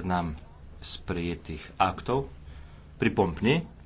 znam sprejetih aktov, pripompni,